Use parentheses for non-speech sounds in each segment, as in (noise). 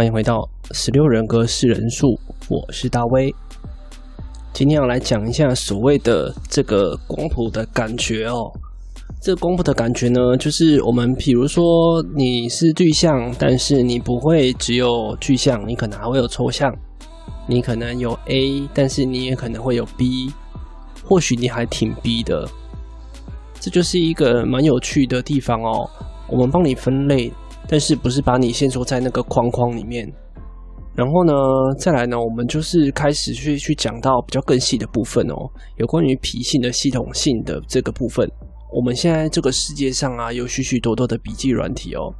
歡迎回到十六人格四人數，我是大威。今天要來講一下所謂的這個光譜的感覺哦。這個光譜的感覺呢，就是我們比如說你是具象，但是你不會只有具象，你可能還會有抽象。你可能有 A，但是你也可能會有 B，或許你還挺 B 的。這就是一個蠻有趣的地方哦。我們幫你分類。但是不是把你限縮在那個框框裡面，然後呢，再來呢，我們就是開始去去講到比較更細的部分哦，有關於脾性的系統性的這個部分。我們現在這個世界上啊，有許許多多的筆記軟體哦，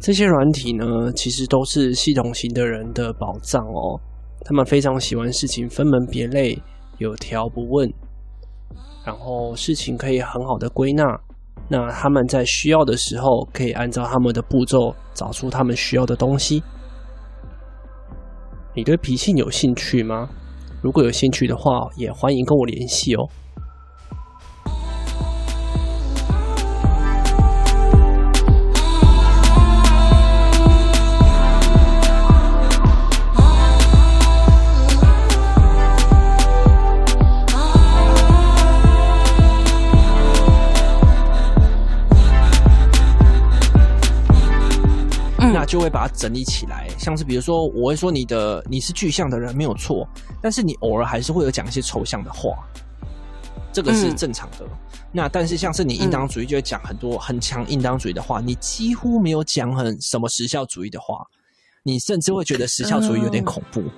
這些軟體呢，其實都是系統型的人的寶藏哦，他們非常喜歡事情分門別類，有條不紊，然後事情可以很好的歸納。那他們在需要的時候，可以按照他們的步驟找出他們需要的東西。你對脾性有興趣嗎？如果有興趣的話，也歡迎跟我聯繫哦。就會把它整理起來，像是比如說，我會說你的你是具象的人沒有錯，但是你偶爾還是會有講一些抽象的話，這個是正常的。嗯、那但是像是你應當主義就會講很多很強應當主義的話，嗯、你幾乎沒有講很什麼實效主義的話，你甚至會覺得實效主義有點恐怖。嗯、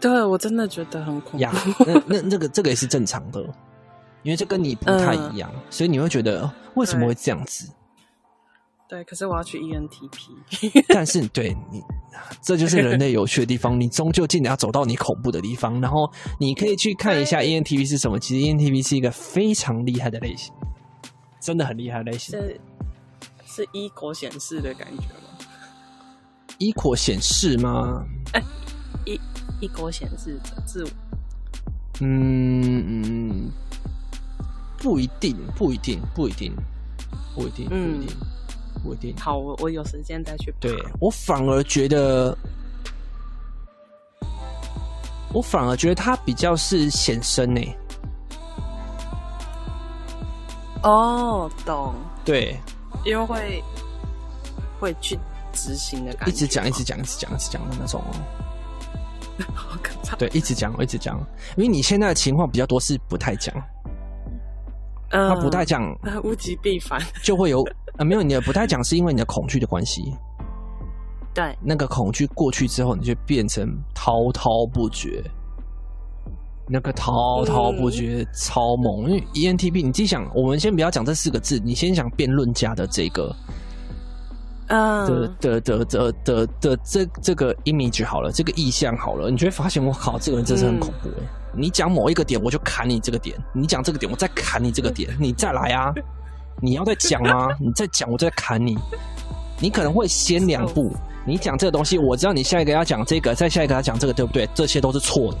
對我真的覺得很恐怖呀、yeah。那那那個這個也是正常的，因為這跟你不太一樣，嗯、所以你會覺得為什麼會這樣子？對，可是我要去 ENTP。 (laughs) 但是對你，這就是人類有趣的地方。 (laughs) 你終究盡量要走到你恐怖的地方，然後你可以去看一下 ENTP 是什麼。欸欸、其實 ENTP 是一個非常厲害的類型，真的很厲害的類型。這是是一個顯示的感覺嗎？一個顯示嗎？哎，一、一個顯示是嗯，嗯，不一定，不一定，不一定，不一定，不一定。嗯一點點好，我我有時間再去。對，我反而覺得，我反而覺得他比較是顯身呢。哦，懂。對，因為會會去執行的感覺，一直講，一直講，一直講，一直講的那種。好可怕。對，一直講，一直講，因為你現在的情況比較多是不太講。他不太講，物極必反，就會有啊？沒有你的不太講，是因為你的恐懼的關係。對，那個恐懼過去之後，你就變成滔滔不絕。那個滔滔不絕超猛，因為 ENTP，你自己想，我們先不要講這四個字，你先想辯論家的這個，嗯，的的的的的的這這個,這個 image 好了，這個意象好了，你就會發現，我靠，這個人真是很恐怖誒。你講某一個點，我就砍你這個點；你講這個點，我再砍你這個點。你再來啊！你要再講嗎？啊？你再講，我就再砍你。你可能會先兩步，你講這個東西，我知道你下一個要講這個，再下一個要講這個，對不對？這些都是錯的。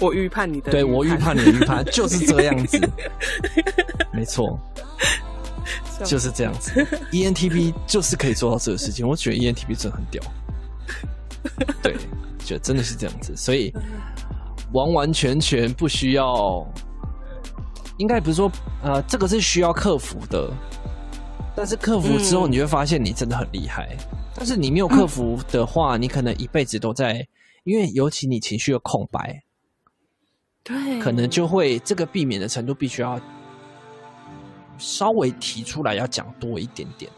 我預判你的預判，對，我預判你的預判就是這樣子，沒錯，就是這樣子。 (laughs) 錯 (laughs) ENTP 就是可以做到這個事情，我覺得 ENTP 真的很屌。 (laughs) 對，就真的是這樣子，所以。完完全全不需要，應該不是說呃，這個是需要克服的，但是克服之後，你會發現你真的很厲害。嗯、但是你沒有克服的話，嗯、你可能一輩子都在，因為尤其你情緒的空白，對，可能就會這個避免的程度必須要稍微提出來，要講多一點點。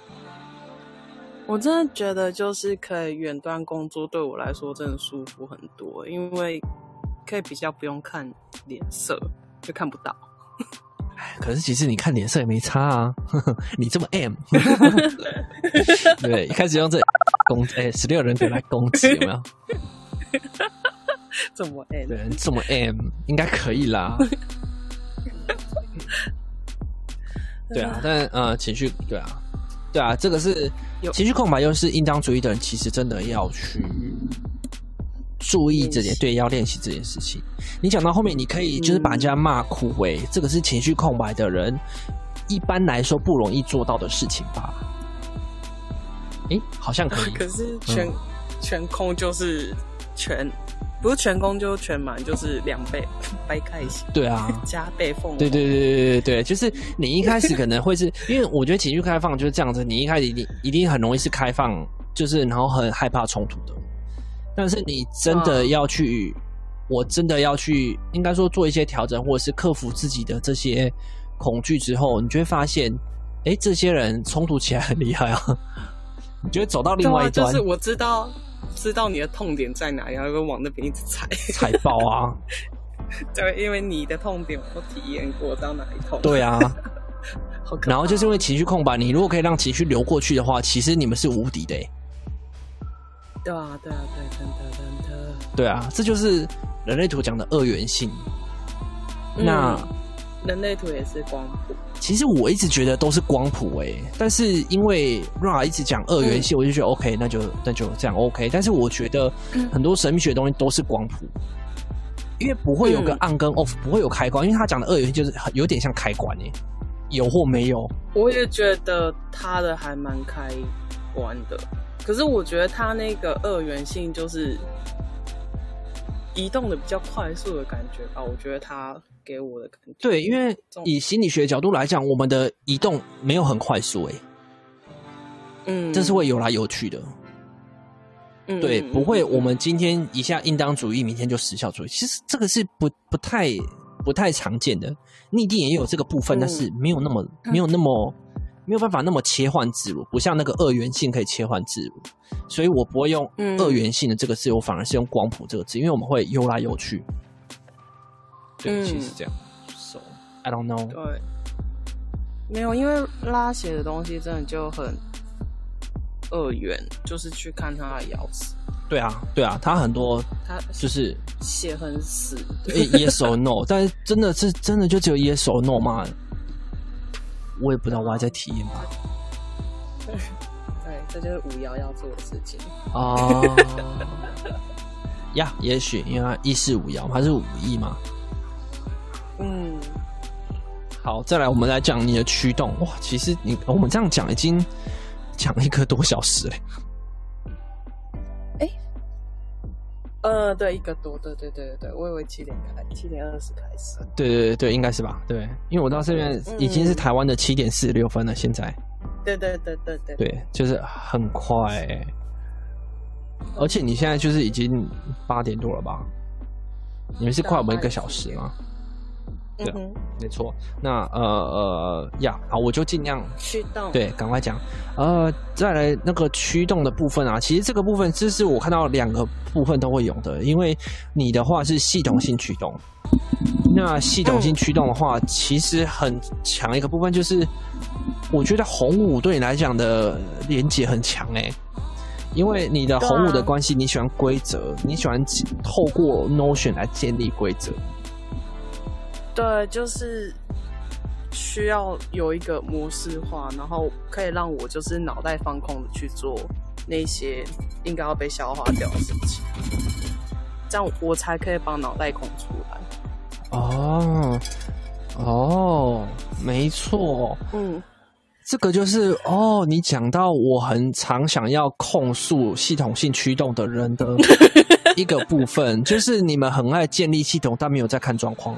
我真的覺得，就是可以遠端工作，對我來說真的舒服很多，因為。可以比較不用看臉色，就看不到。可是其實你看臉色也沒差啊。呵呵你這麼 M，呵呵 (laughs) 對，一開始用這攻，哎，十六人可以來攻擊有沒有？這麼 M，對，這麼 M 應該可以啦。 (laughs) 對啊，但呃，情緒對啊，對啊，這個是情緒空白，又是應當主義的人，其實真的要去。注意這點，對，要練習這件事情。你講到後面，你可以就是把人家罵哭，喂、嗯，這個是情緒空白的人一般來說不容易做到的事情吧？哎，好像可以。可是全、嗯、全空就是全，不是全空就全滿，就是兩倍掰開一些。對啊，加倍奉。對對對對對對對，就是你一開始可能會是 (laughs) 因為我覺得情緒開放就是這樣子，你一開始一定一定很容易是開放，就是然後很害怕衝突的。但是你真的要去，啊、我真的要去，應該說做一些調整，或者是克服自己的這些恐懼之後，你就會發現，哎、欸，這些人衝突起來很厲害啊！你就會走到另外一端、啊，就是我知道，知道你的痛點在哪裡，然後會往那邊一直踩踩爆啊！ (laughs) 對，因為你的痛點我體驗過，到哪裡痛。對啊， (laughs) 怕然後就是因為情緒空白，你如果可以讓情緒流過去的話，其實你們是無敵的、欸。對啊，對啊，對，真的，真的。對啊，這就是人類圖講的二元性。嗯、那人類圖也是光譜。其實我一直覺得都是光譜哎，但是因為 Ra 一直講二元性，嗯、我就覺得 OK，那就那就這樣 OK。但是我覺得很多神秘學的東西都是光譜，嗯、因為不會有個 on 跟 off，不會有開關，嗯、因為他講的二元性就是有點像開關哎，有或沒有。我也覺得他的還蠻開關的。可是我覺得他那個二元性就是移動的比較快速的感覺吧，我覺得他給我的感覺對，因為以心理學的角度來講，我們的移動沒有很快速哎、欸，嗯，這是會游來游去的，嗯，對，不會，我們今天一下應當主義，明天就實效主義，其實這個是不不太不太常見的，逆境也有這個部分，但是沒有那麼沒有那麼。嗯 (laughs) 沒有辦法那麼切換自如，不像那個二元性可以切換自如，所以我不會用“二元性”的這個字，嗯、我反而是用“光譜”這個字，因為我們會游來游去。對，嗯、其實這樣。So, I don't know。對。沒有，因為拉寫的東西真的就很二元，就是去看它的咬字。對啊，對啊，它很多，它就是寫很死對、欸。Yes or no？ (laughs) 但是真的是真的就只有 Yes or no 嘛？我也不知道，我還在體驗吧。Yeah. 對，對，這就是五爻要做的事情哦，呀、uh， (laughs) yeah, 也許因為它一四五爻它是五一嘛。嗯。Mm. 好，再來我們來講你的驅動哇！其實你我們這樣講已經講一個多小時了。呃，對，一個多，對對對對對，我以為七點開，七點二十開始。對對對,對應該是吧？對，因為我到這邊已經是台灣的七點四十六分了，現在。嗯、對,對對對對對。對，就是很快、欸。嗯、而且你現在就是已經八點多了吧？你們是快我們一個小時嗎？對，嗯、哼沒錯。那呃呃呀，好，我就儘量驅動。對，趕快講。呃，再來那個驅動的部分啊，其實這個部分，這是我看到兩個部分都會有的，因為你的話是系統性驅動。那系統性驅動的話，嗯、其實很強一個部分，就是我覺得紅五對你來講的連接很強哎、欸，因為你的紅五的關係，你喜歡規則，啊、你喜歡透過 Notion 來建立規則。對，就是需要有一個模式化，然後可以讓我就是腦袋放空的去做那些應該要被消化掉的事情，這樣我才可以把腦袋空出來。哦，哦，沒錯，嗯，這個就是哦，你講到我很常想要控訴系統性驅動的人的一個部分， (laughs) 就是你們很愛建立系統，但沒有在看狀況。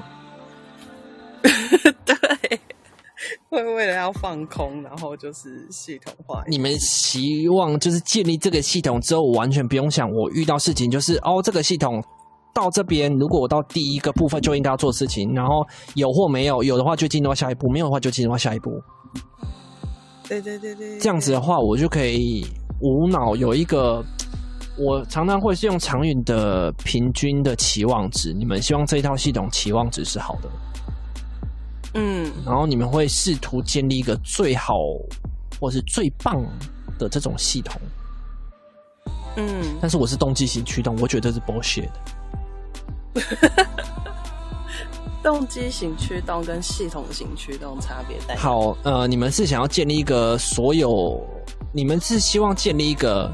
(laughs) 對，會為了要放空，然後就是系統化。你們希望就是建立這個系統之後，我完全不用想我遇到事情，就是哦，這個系統到這邊，如果我到第一個部分就應該要做事情，然後有或沒有，有的話就進入到下一步，沒有的話就進入到下一步。對，對對對對，這樣子的話我就可以無腦有一個，我常常會是用長遠的平均的期望值。你們希望這一套系統期望值是好的。嗯，然後你們會試圖建立一個最好或是最棒的這種系統，嗯，但是我是動機型驅動，我覺得這是 bullshit (laughs) 動機型驅動跟系統型驅動差別在好，呃，你們是想要建立一個所有，你們是希望建立一個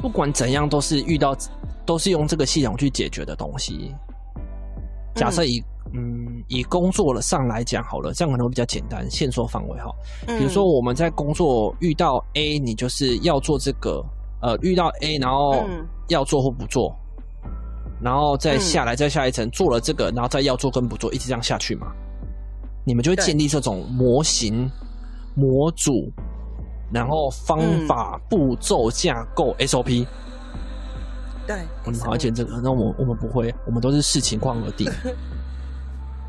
不管怎樣都是遇到都是用這個系統去解決的東西。假設一。嗯嗯，以工作的上來講好了，這樣可能會比較簡單，限縮範圍哈。比如說我們在工作遇到 A，你就是要做這個，呃，遇到 A 然後要做或不做，然後再下來再下一層做了這個，然後再要做跟不做，一直這樣下去嘛。你們就會建立這種模型模組，然後方法步驟架構 SOP。對，我們好要建這個，那我我們不會，我們都是視情況而定。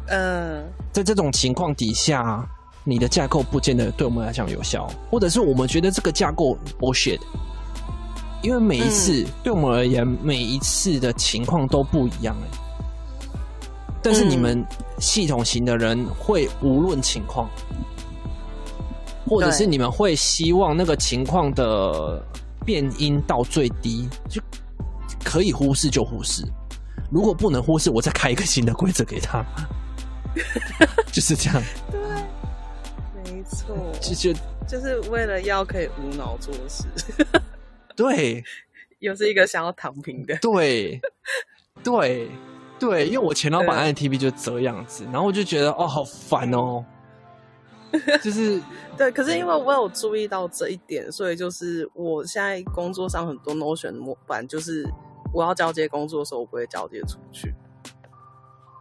嗯，在這種情況底下，你的架構不見得對我們來講有效，或者是我們覺得這個架構 bullshit，因為每一次、嗯、對我們而言，每一次的情況都不一樣耶。但是你們系統型的人會無論情況，或者是你們會希望那個情況的變因到最低，就可以忽視就忽視，如果不能忽視，我再開一個新的規則給他。 (laughs) 就是這樣，對，沒錯，就就就是為了要可以無腦做事， (laughs) 對，又是一個想要躺平的， (laughs) 對，對，對，因為我前老板 ENTP 就這樣子，然後我就覺得對哦，好煩哦，就是 (laughs) 對，可是因為我有注意到這一點，所以就是我現在工作上很多 notion 模板，就是我要交接工作的時候，我不會交接出去。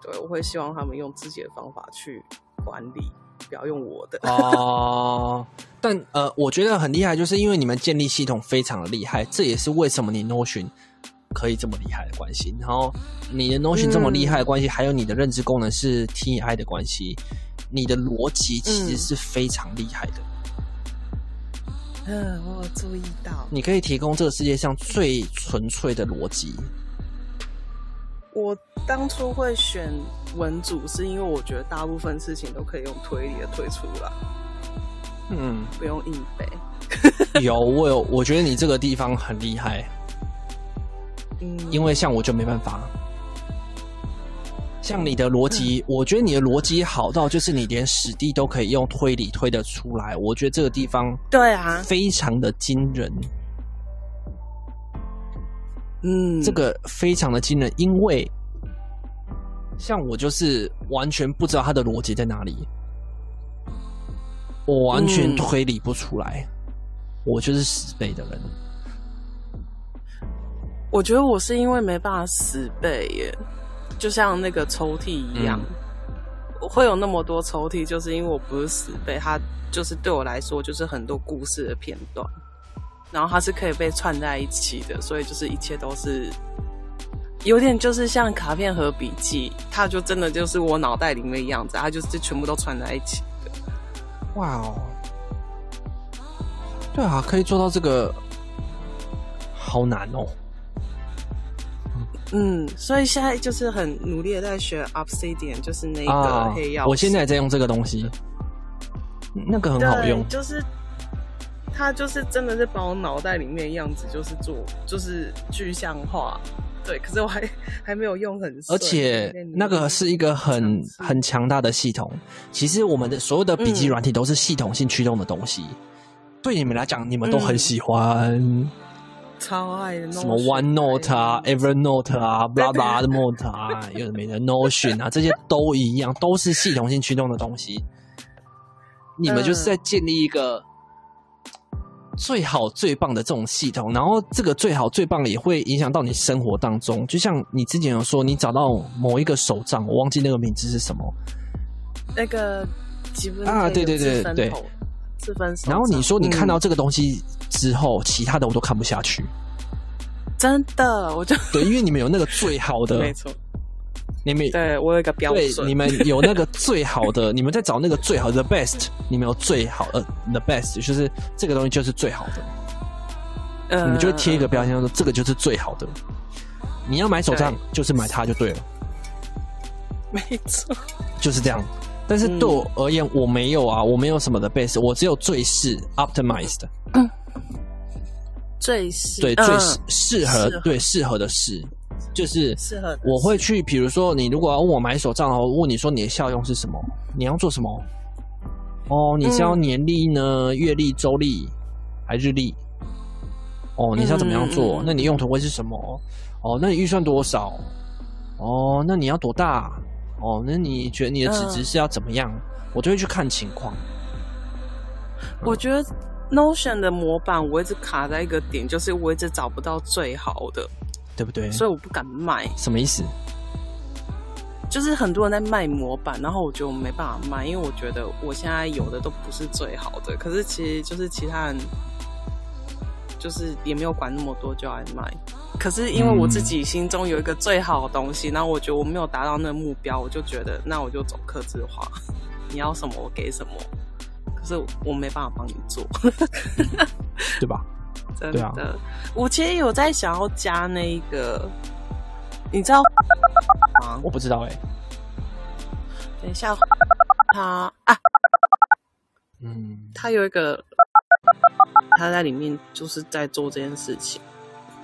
對，我會希望他們用自己的方法去管理，不要用我的。 (laughs) 哦，但呃，我覺得很厲害，就是因為你們建立系統非常的厲害，這也是為什麼你 Notion 可以這麼厲害的關係。然後你的 Notion 這麼厲害的關係，嗯、還有你的認知功能是 Ti 的關係，你的邏輯其實是非常厲害的。嗯，呃、我有注意到，你可以提供這個世界上最純粹的邏輯。我當初會選文組，是因為我覺得大部分事情都可以用推理的推出來，嗯，不用硬背。 (laughs) 有我有，我覺得你這個地方很厲害，嗯，因為像我就沒辦法，像你的邏輯，嗯，我覺得你的邏輯好到就是你連史地都可以用推理推得出來，我覺得這個地方對啊，非常的驚人。嗯，這個非常的驚人，因為像我就是完全不知道他的邏輯在哪裡，我完全推理不出來，嗯、我就是死背的人。我覺得我是因為沒辦法死背耶，就像那個抽屜一樣，嗯、我會有那麼多抽屜，就是因為我不是死背，他就是對我來說就是很多故事的片段。然後它是可以被串在一起的，所以就是一切都是有點就是像卡片和筆記，它就真的就是我腦袋裡面的樣子，它就是全部都串在一起的。哇哦、wow，對啊，可以做到這個，好難哦。嗯，所以現在就是很努力地在學 Obsidian，就是那個黑曜、哦。我現在在用這個東西，那個很好用，就是。它就是真的是把我腦袋裡面的樣子就是做就是具象化，對。可是我還還沒有用很，而且那個是一個很很強大的系統。其實我們的所有的筆記軟體都是系統性驅動的東西。嗯、對你們來講，嗯、你們都很喜歡，超愛的什麼 OneNote 啊，EverNote 啊，巴拉巴拉的 Note 啊，又什麼的 Notion 啊，這些都一樣，都是系統性驅動的東西。嗯、你們就是在建立一個。最好最棒的這種系統，然後這個最好最棒也會影響到你生活當中。就像你之前有說，你找到某一個手賬我忘記那個名字是什麼。那個幾啊？對對對對，對，對，自分手帳。然後你說你看到這個東西之後，嗯、其他的我都看不下去。真的，我就對，因為你們有那個最好的， (laughs) 沒錯。你們對我有一個標準，你們有那個最好的， (laughs) 你們在找那個最好的，the best。你們有最好的、呃、the best，就是這個東西就是最好的。呃、你們就會貼一個標籤說，這個就是最好的。你要買手帳對就是買它就對了，沒錯錯，就是這樣。但是對我而言，我沒有啊，我沒有什麼的 best，我只有最適 optimized，、嗯、最適對、呃、最適合最適合，合的適。就是，我會去，比如說，你如果要問我買手賬，我問你說你的效用是什麼？你要做什麼？哦，你需要年曆呢、嗯、月曆、周曆，還日曆？嗯、哦，你要怎麼樣做？嗯、那你用途會是什麼？嗯、哦，那你預算多少？嗯、哦，那你要多大？哦，那你覺得你的紙質是要怎麼樣？嗯、我就會去看情況。我覺得 Notion 的模板我一直卡在一個點，就是我一直找不到最好的。對不對？所以我不敢賣。什麼意思？就是很多人在賣模板，然後我覺得我沒辦法賣，因為我覺得我現在有的都不是最好的。可是其實就是其他人，就是也沒有管那麼多就愛賣。可是因為我自己心中有一個最好的東西，嗯、然後我覺得我沒有達到那個目標，我就覺得那我就走客製化。你要什麼我給什麼，可是我沒辦法幫你做， (laughs) 對吧？真的對啊，我其實有在想要加那一個，你知道嗎？我不知道哎、欸。等一下、喔，他啊，嗯，他有一個，他在裡面就是在做這件事情，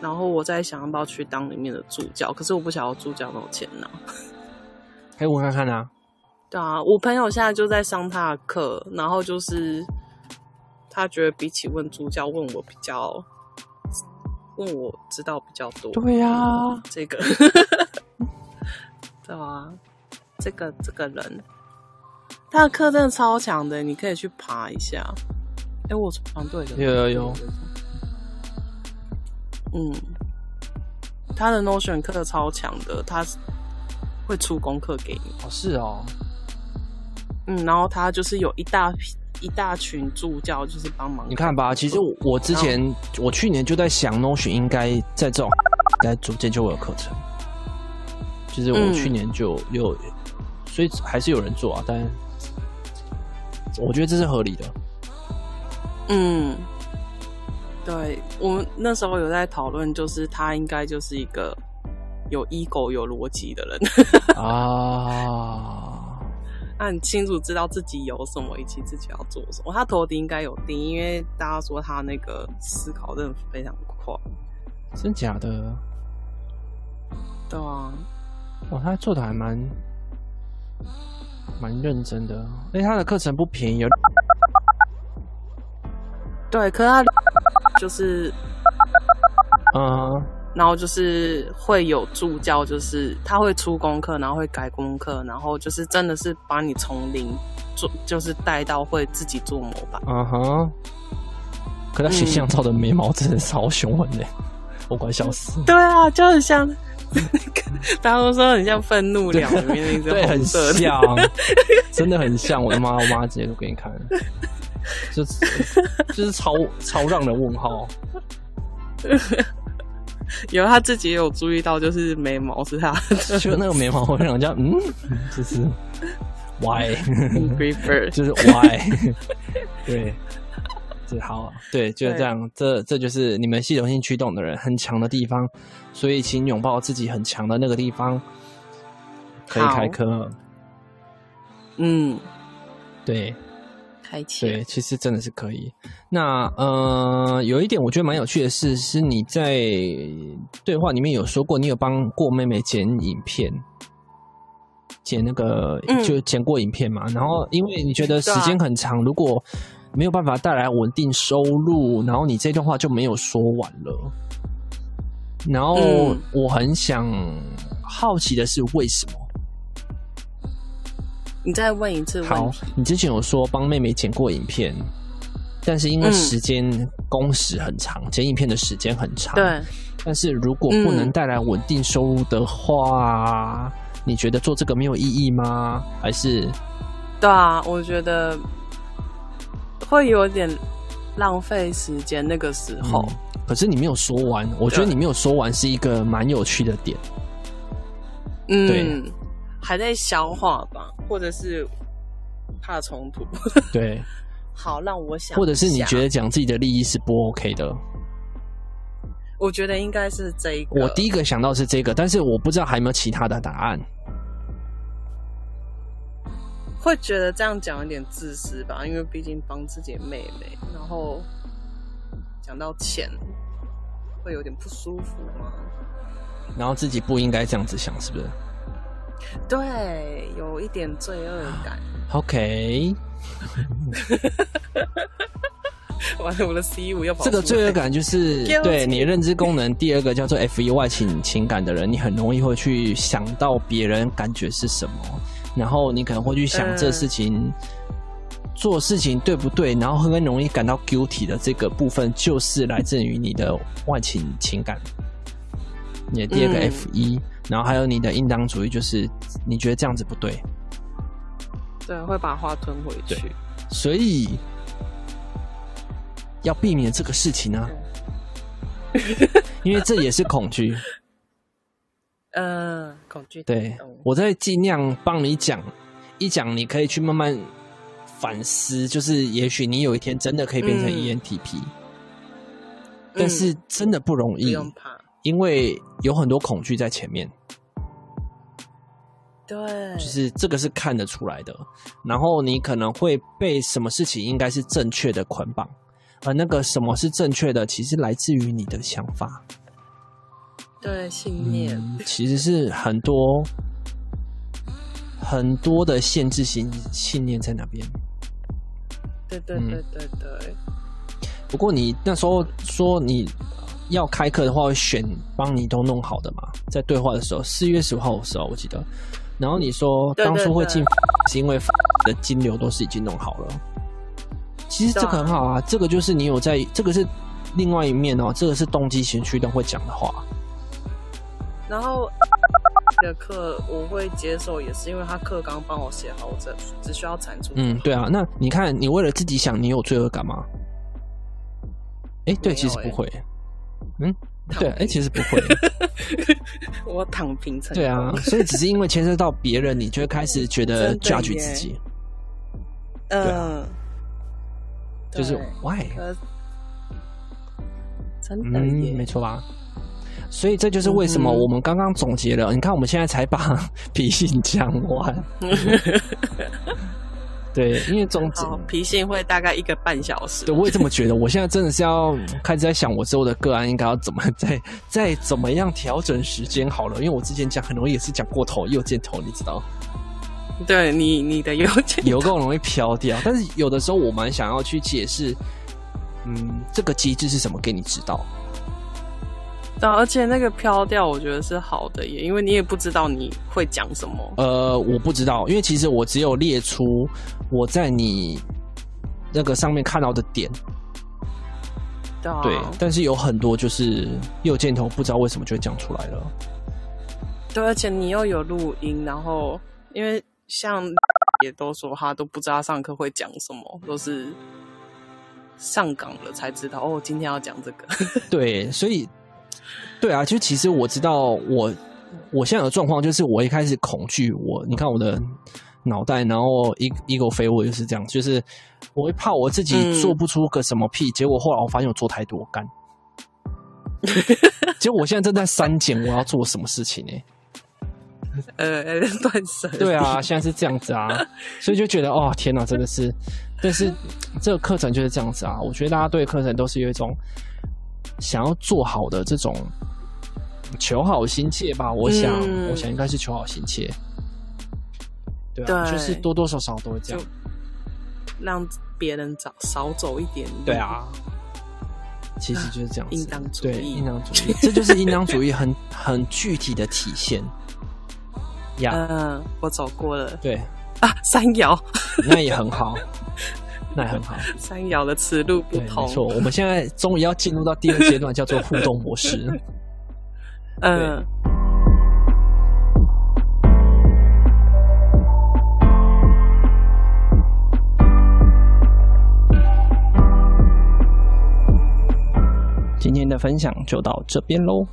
然後我在想要不要去當裡面的助教，可是我不想要助教那種錢呢、啊。欸我看看啊。對啊，我朋友現在就在上他的課，然後就是。他覺得比起問助教，問我比較，問我知道比較多。對呀、啊嗯，這個， (laughs) 對啊，這個這個人，他的課真的超強的，你可以去爬一下。哎、欸，我團隊、啊、的，有有。嗯，他的 notion 課超強的，他會出功課給你。哦，是哦。嗯，然後他就是有一大批。一大群助教就是幫忙。你看吧，其實我，我之前、嗯、我，我去年就在想 Notion 應該在這種該逐漸就會有課程。其、就、實、是、我去年就有，嗯、所以還是有人做啊，但我覺得這是合理的。嗯，對我們那時候有在討論，就是他應該就是一個有 ego、有邏輯的人 (laughs) 啊。他很清楚知道自己有什麼以及自己要做什麼，他頭頂應該有定，因為大家說他那個思考真的非常快，真假的？對啊，哇，他做的還蠻蠻認真的，哎、欸，他的課程不便宜，有對，可他就是嗯。然後就是會有助教，就是他會出功課，然後會改功課，然後就是真的是把你從零做，就是帶到會自己做模板。嗯哼、啊，可他寫相照的眉毛真的超雄渾嘞、欸，嗯、我快笑死。對啊，就很像，大家都說很像憤怒鳥裡面，就對，很像，真的很像。我的媽，我媽直接都給你看就，就是超 (laughs) 超讓人問號。 (laughs) 有他自己也有注意到，就是眉毛是他的，就那個眉毛我，我讓人家嗯，就是歪，why? You prefer. (laughs) 就是 why (laughs) 對，對，好，對，就是這樣，對這這就是你們系統性驅動的人很強的地方，所以請擁抱自己很強的那個地方，可以開課，嗯，對。對，其實真的是可以。那呃，有一點我覺得蠻有趣的是是，是你在對話裡面有說過，你有幫過妹妹剪影片，剪那個就剪過影片嘛。嗯、然後因為你覺得時間很長，啊、如果沒有辦法帶來穩定收入，然後你這段話就沒有說完了。然後我很想好奇的是為什麼？你再問一次問題。好，你之前有說幫妹妹剪過影片，但是因為時間工時很長，嗯、剪影片的時間很長。對。但是如果不能帶來穩定收入的話，嗯、你覺得做這個沒有意義嗎？還是？對啊，我覺得會有點浪費時間。那個時候、嗯。可是你沒有說完，我覺得你沒有說完是一個蠻有趣的點。對對嗯。對。還在消化吧，或者是怕衝突。 (laughs) 對，好，讓我想，或者是你覺得講自己的利益是不 OK 的？我覺得應該是這一個。我第一個想到是這個，但是我不知道還有沒有其他的答案。會覺得這樣講有點自私吧？因為畢竟幫自己妹妹，然後講到錢，會有點不舒服嘛，然後自己不應該這樣子想，是不是？對，有一點罪惡感。啊、OK， (laughs) (laughs) 完了，我的 C 五要跑這個罪惡感就是 (laughs) 對你的認知功能。第二個叫做 F E 外傾情感的人，你很容易會去想到別人感覺是什麼，然後你可能會去想這事情，嗯、做事情對不對，然後會更容易感到 guilty 的這個部分，就是來自於你的外傾情感。你的第二個 F 一、嗯，然後還有你的應當主義，就是你覺得這樣子不對，對，會把話吞回去，所以要避免這個事情啊，嗯、 (laughs) 因為這也是恐懼，呃， (laughs) 恐懼。對，我在儘量幫你講一講，你可以去慢慢反思，就是也許你有一天真的可以變成 ENTP，嗯，但是真的不容易。因為有很多恐懼在前面，對，就是這個是看得出來的。然後你可能會被什麼事情應該是正確的捆綁，而那個什麼是正確的，其實來自於你的想法，對，信念其實是很多很多的限制性信念在那邊。對對對對對。不過你那時候說你。要開課的話，會選幫你都弄好的嘛？在對話的時候，四月十五號的時候，我記得。然後你說當初會進是因為的金流都是已經弄好了。其實這個很好啊，啊這個就是你有在，這個是另外一面哦。這個是動機型驅動會講的話。然後的課我會接受，也是因為他課剛幫我寫好，我只只需要產出。嗯，對啊。那你看，你為了自己想，你有罪惡感嗎？誒、欸，對，欸、其實不會。嗯，平對，哎、欸，其實不會， (laughs) 我躺平成功。對啊，所以只是因為牽涉到別人，你就會開始覺得 judge 自己，嗯，就是 why，真的沒錯吧？所以這就是為什麼我們剛剛總結了，嗯、你看我們現在才把脾性講完。 (laughs) (laughs) 對，因為總之，脾性會大概一個半小時。對，我也這麼覺得。我現在真的是要開始在想，我之後的個案應該要怎麼再再怎麼樣調整時間好了。因為我之前講很容易也是講過頭，右箭頭，你知道？對你，你的右箭，有夠容易飄掉。但是有的時候我蠻想要去解釋，嗯，這個機制是什麼，給你知道。對、啊，而且那個飄掉，我覺得是好的耶，也因為你也不知道你會講什麼。呃，我不知道，因為其實我只有列出我在你那個上面看到的點。對，啊、對，但是有很多就是右箭頭，不知道為什麼就會講出來了。對，而且你又有錄音，然後因為像也都說他都不知道上課會講什麼，都是上崗了才知道。哦，今天要講這個。對，所以。對啊，就其實我知道我，我我現在的狀況就是，我一開始恐懼我，嗯、你看我的腦袋，然後一個一個肥物就是這樣，就是我會怕我自己做不出個什麼屁，嗯、結果後來我發現我做太多幹， (laughs) 結果我現在正在刪減我要做什麼事情呢？呃，斷捨對啊，現在是這樣子啊， (laughs) 所以就覺得哦，天哪，真的是，但是這個課程就是這樣子啊，我覺得大家對課程都是有一種想要做好的這種。求好心切吧，我想，嗯、我想應該是求好心切。對啊，對就是多多少少都會這樣，讓別人少少走一點。對啊，其實就是這樣子，應當、啊、應當主義，主義 (laughs) 這就是應當主義很，很很具體的體現。呀，嗯，我走過了，對啊，三爻， (laughs) 那也很好，那也很好，三爻的此路不同。沒錯，我們現在終於要進入到第二階段， (laughs) 叫做互動模式。嗯。今天的分享就到這邊嘍。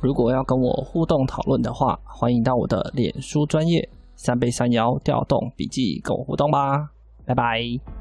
如果要跟我互動討論的話，歡迎到我的臉書專業三倍三爻掉洞筆記跟我互動吧。拜拜。